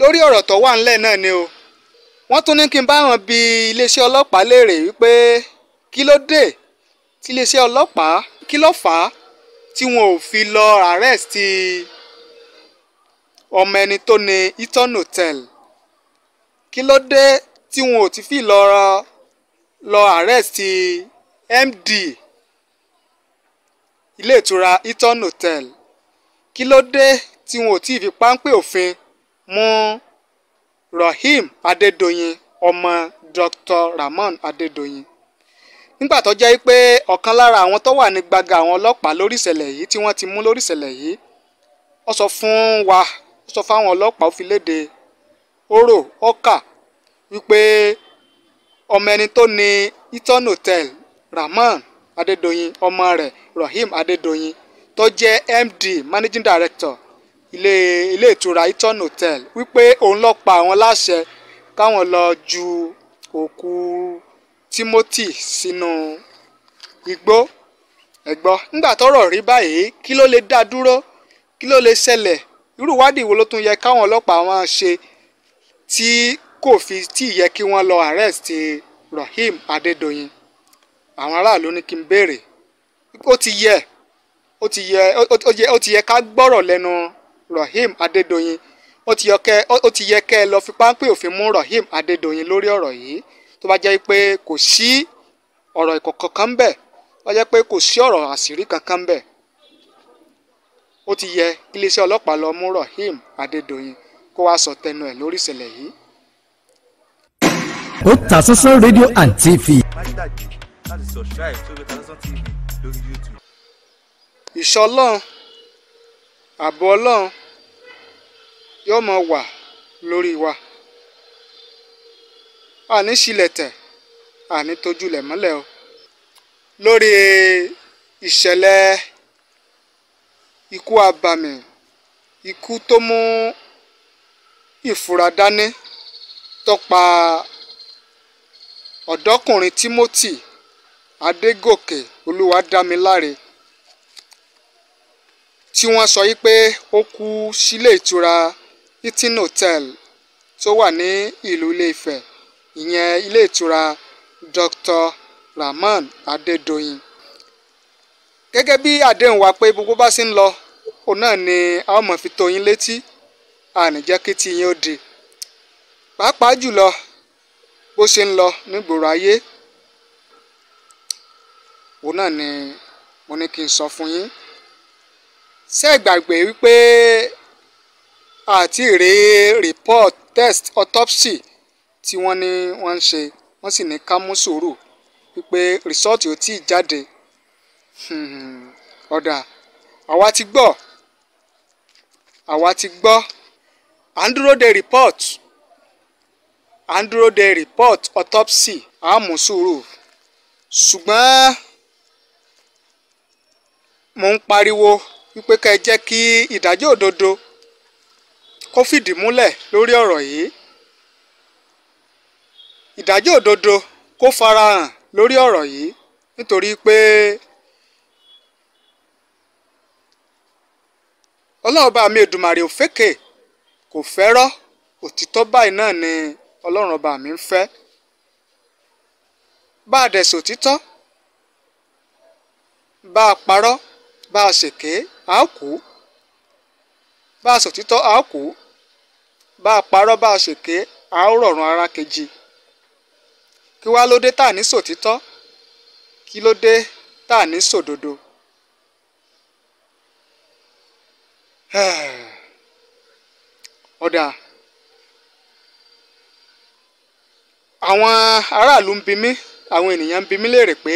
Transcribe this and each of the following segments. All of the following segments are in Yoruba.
lórí ọ̀rọ̀ tó wà ńlẹ̀ náà ni o wọ́n tún ní kí n bá wọn bi iléeṣẹ́ ọlọ́pàá léèrè wípé kí ló dé tí iléeṣẹ́ ọlọ́pàá kí ló fà á tí wọn ò fi lọ arrest ọmọ ẹni tó ní Hilton Hotel kí ló dé tí wọn ò ti fi lọ lọ arrest MD ilé ìtura Hilton Hotel kí ló dé tí wọn ò tí ì fi páńpẹ́ òfin mú Rahim Adédoyin ọmọ Dr. Ramon Adédoyin nígbà tó jẹ́ pé ọ̀kan lára àwọn tó wà ní gbaga àwọn ọlọ́pàá lórí ìṣẹ̀lẹ̀ yìí tí wọ́n ti mú lórí ìṣẹ̀lẹ̀ yìí ó sọ fún wa ó sọ fáwọn ọlọ́pàá ó fi léde oró ọkà wípé ọmọ ẹni tó ní Hilton Hotel Rahman Adédoyin ọmọ rẹ̀ Rahim Adédoyin tó jẹ́ MD Managing Director ilé ilé ìtura Hilton hotel wípé òun ló pa àwọn láṣẹ káwọn lọ ju òkú Timothy sínú igbó ẹ gbọ́ nígbà tọ́rọ̀ rí báyìí kí ló lè dá dúró kí ló lè ṣẹlẹ̀ irú ìwádìí wo ló tún yẹ káwọn ọlọ́pàá wọn ṣe tí kò fi tí yẹ kí wọ́n lọ arrest Raheem Adédoyin àwọn aráàlú ní kí n béèrè ó ti yẹ ó ti yẹ ó ti yẹ ká gbọ́rọ̀ lẹ́nu Rahim Adédoyin ó ti yẹ kẹ́ ẹ lọ fi páńpẹ́ òfin mú Rahim Adédoyin lórí ọ̀rọ̀ yìí tó bá jẹ́ pé kò sí ọ̀rọ̀ ìkọ̀kọ̀ kan ń tó bá jẹ́ pé kò sí ọ̀rọ̀ àṣírí kankan ń ó ti yẹ kí iléeṣẹ́ lọ mú Rahim Adédoyin kó wá sọ tẹnu ẹ̀ lórí ìṣẹ̀lẹ̀ yìí. Otasansan rédíò and TV. ìṣọ́ ọlọ́run àbọ̀ ọlọ́run yóò máa wà lórí wa àní ṣílẹ̀tẹ̀ àní tójúlẹ̀ mọ́lẹ̀ o lórí ìṣẹ̀lẹ̀ ikú abàmì ikú tó mú ìfura dání tó pa Timothy Adégòkè Olúwadámiláre tí wọ́n sọ yí pé ó kú sílé ìtura hilton hotel tó wà ní ìlú ilé-ifẹ̀ ìyẹn ilé ìtura dr rahman adédọ̀yìn gẹ́gẹ́ bí àdéhùn wa pé gbogbo bá sì ń lọ òun náà ni a ó mọ̀ fi tó yín létí ànìjẹ́ kí ti yín ó di pàápàá jùlọ bó ṣe ń lọ nígboro ayé òun náà ni mo ní kí n sọ fún yín ṣé ẹ gbàgbé wípé àti rèé report test autopsy tí wọ́n ní wọ́n ń ṣe wọ́n sì ní ká mú sùúrù wípé rìsọ́ọ̀tì ò tíì jáde hmm, ọ̀dà àwa ti gbọ́ àwa ti gbọ́ à ń dúró de report à ń dúró de report autopsy à ń mú sùúrù ṣùgbọ́n mò ń pariwo wípé ká ẹ jẹ́ kí ìdájọ́ òdodo kó fìdí múlẹ̀ lórí ọ̀rọ̀ yìí ìdájọ́ òdodo kó farahàn lórí ọ̀rọ̀ yìí nítorí pé ọlọ́ọ̀bá mi Èdùmàrè òfékè kò fẹ́rọ́ òtítọ́ báyìí náà ni ọlọ́run ọba mi ń fẹ́ bá a dẹ̀ sòtítọ́ bá a parọ́ bá a ṣèké a bá a sòtítọ́ a kú. bá a parọ́ bá a ṣèké a ó rọ̀rùn ara kejì kí wá ló dé tá à ní sòtítọ́ kí ló dé tá à ní sòdodo. ọ̀dà àwọn aráàlú ń bi mí àwọn ènìyàn ń bi mí léèrè pé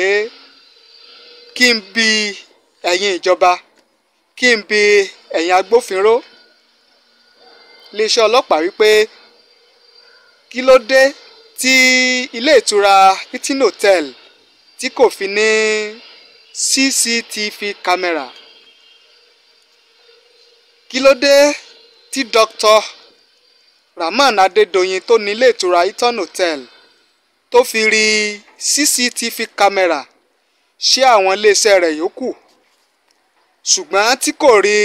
kí n bi ẹ̀yin ìjọba kí n bi ẹ̀yin agbófinró iléeṣẹ́ ọlọ́pàá wípé kí ló dé tí ilé ìtura hilton hotel tí kò fi ní cctv camera kí ló dé tí dr rahman adédọyìn tó ní ilé ìtura hilton hotel tó fi rí cctv camera ṣé àwọn iléeṣẹ́ rẹ̀ yòókù ṣùgbọ́n tí kò rí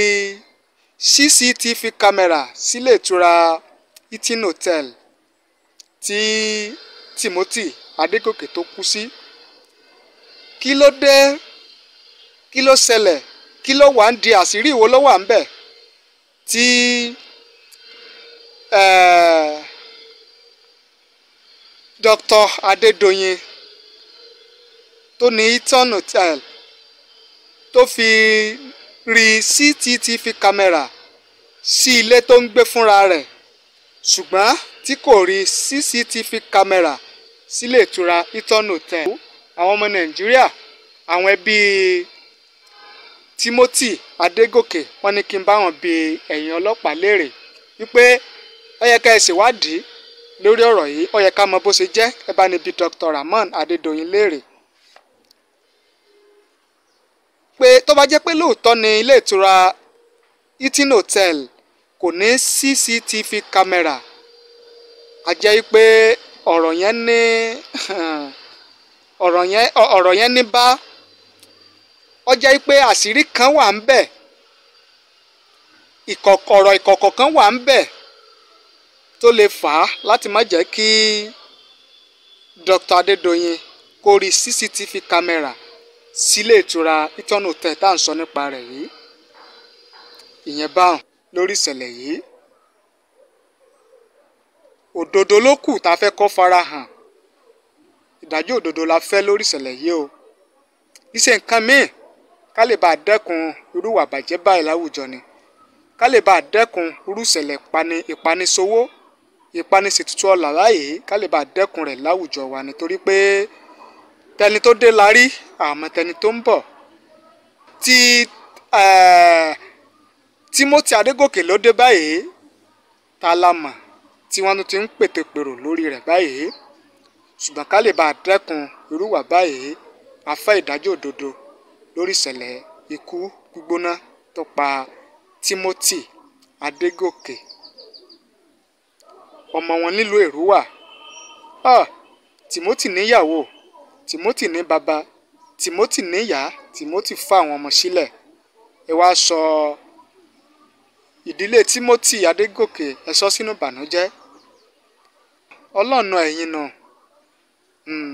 cctv camera sílé ìtura hilton hotel tí timothy adégòkè tó kú sí kí ló dé kí ló ṣẹlẹ̀ kí ló wà ń di àṣírí ìwo ló wà ń bẹ̀ tí dr adédọyìn tó ní hilton hotel tó fi rí CCTV camera sí ilé tó ń gbé fúnra rẹ̀ ṣùgbọ́n tí kò rí CCTV camera sílé ìtura Hilton Hotel àwọn ọmọ Nàìjíríà àwọn ẹbí Timothy Adégòkè wọ́n ní kí n bá wọn bi ẹ̀yin ọlọ́pàá léèrè wípé ó yẹ ká ẹ ṣèwádìí lórí ọ̀rọ̀ yìí ó yẹ ká mọ bó ṣe jẹ́ ẹ bá ní bí Dr. Rahmon Adédoyin léèrè pé tó bá jẹ́ pé lóòótọ́ ni ilé ìtura Hilton hotel kò ní CCTV camera a jẹ́ pé ọ̀rọ̀ yẹn ní ọ̀rọ̀ yẹn ní bá ọ jẹ́ pé àṣírí kan wà ń bẹ̀ ọ̀rọ̀ ìkọ̀kọ̀ kan wà ń bẹ̀ tó lè fà á láti má jẹ́ kí Dr. Adédoyin kó rí CCTV camera sílé ìtura hilton hotel tá à ń sọ nípa rẹ̀ yìí ìyẹn báwọn lórí ìṣẹ̀lẹ̀ yìí òdodo ló kù tá a fẹ́ kó fara hàn ìdájọ́ òdodo la fẹ́ lórí ìṣẹ̀lẹ̀ yìí o iṣẹ́ nǹkan míì ká lè bá a dẹ́kun irú ìwà bàjẹ́ báyìí láwùjọ ni ká lè bá a dẹ́kun irú ìṣẹ̀lẹ̀ ìpani ìpanisowó ìpanisètùtù ọ̀la láàyè ká lè bá a dẹ́kun rẹ̀ láwùjọ wa nítorí pé tẹni tó dé la rí àmọ́ tẹni tó ń bọ̀ ti Timothy Adégòkè ló dé báyìí ta la mọ̀ tí wọ́n tún ti ń pètè pèrò lórí rẹ̀ báyìí ṣùgbọ́n ká lè bá a dẹ́kun irúwà báyìí a fẹ́ ìdájọ́ òdodo lórí ìṣẹ̀lẹ̀ ikú gbígbóná tó pa Timothy Adégòkè ọmọ wọn nílùú Èrúwà ah, Timothy níyàwó timothy ní baba timothy níyà timothy fa àwọn ọmọ sílẹ̀ ẹ wá sọ ìdílé timothy adégòkè ẹ sọ sínú ìbànújẹ́ ọlọ́ọ̀nà ẹ̀yin nà hmm.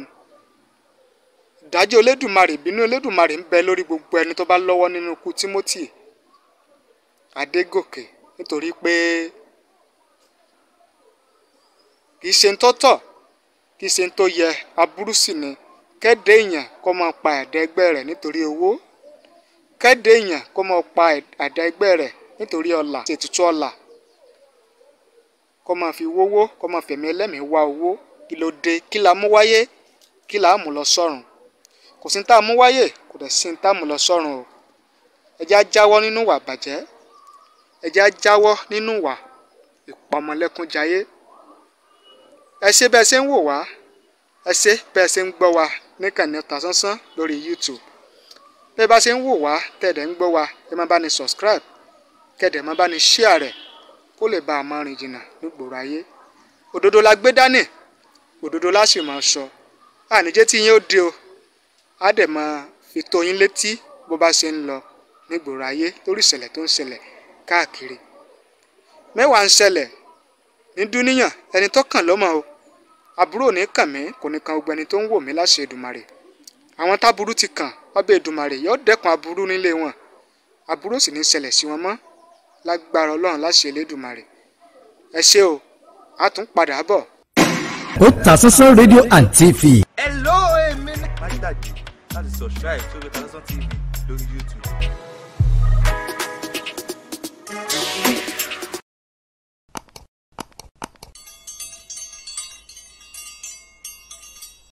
ìdájọ́ olódùmarè ìbínú olódùmarè ń bẹ lórí gbogbo ẹni tó bá lọ́wọ́ nínú ikú timothy adégòkè nítorí pé kì í ṣe ń tọ́tọ̀ kì í ṣe ń tó yẹ aburú sì ni. kéde èèyàn kó máa pa ẹ̀dá ẹgbẹ́ rẹ̀ nítorí owó kéde èèyàn kó máa pa ẹ̀dá ẹgbẹ́ rẹ̀ nítorí ọlà ṣètùtù ọlà kó máa fi wówó kó máa fẹ̀mí ẹlẹ́mìí wá owó kí ló dé kí la mú wáyé kí la mú lọ sọ́run kò sí ní tá a mú wáyé kò dẹ̀ sí ní tá a mú lọ sọ́run o ẹ jẹ́ á jáwọ́ nínú ìwà bàjẹ́ ẹ jẹ́ á jáwọ́ nínú ìwà ìpamọ́lẹ́kúnjayé ẹ ṣe bẹ́ẹ̀ ṣe ń wò wá ẹ ṣe bẹ́ẹ̀ ṣe ń gbọ́ wa níkànnì Ọ̀tàsánsán lórí YouTube tẹ́ ẹ bá ṣe ń wò wá tẹ̀dẹ̀ ń gbọ́ wa ẹ máa bá ní subscribe kẹ̀dẹ̀ máa bá ní share rẹ̀ kó lè bá a máa rìn jìnnà nígboro ayé òdodo la gbé dání òdodo la sì máa sọ àníjẹ́ tí yín ó de o á dẹ̀ máa fi tó yín létí bó bá ṣe ń lọ nígboro ayé lórí ìṣẹ̀lẹ̀ tó ń ṣẹlẹ̀ káàkiri mẹ́wàá ń ṣẹlẹ̀ ní dúníyàn ẹni tó kàn o aburú ò ní kàn mí kò ní kan gbogbo ẹni tó ń wò mí láṣẹ Èdùmàrè àwọn táburú ti kàn ọbẹ̀ Èdùmàrè yóò dẹ́kun aburú nílé wọn aburú sì ní ṣẹlẹ̀ sí wọn mọ́ lágbára Ọlọ́run láṣẹ Elédùmarè ẹ ṣé o a tún padà bọ̀. Otasansan rédíò and TV. hello èmi ní. má dájú láti subscribe sórí Otasansan TV lórí YouTube.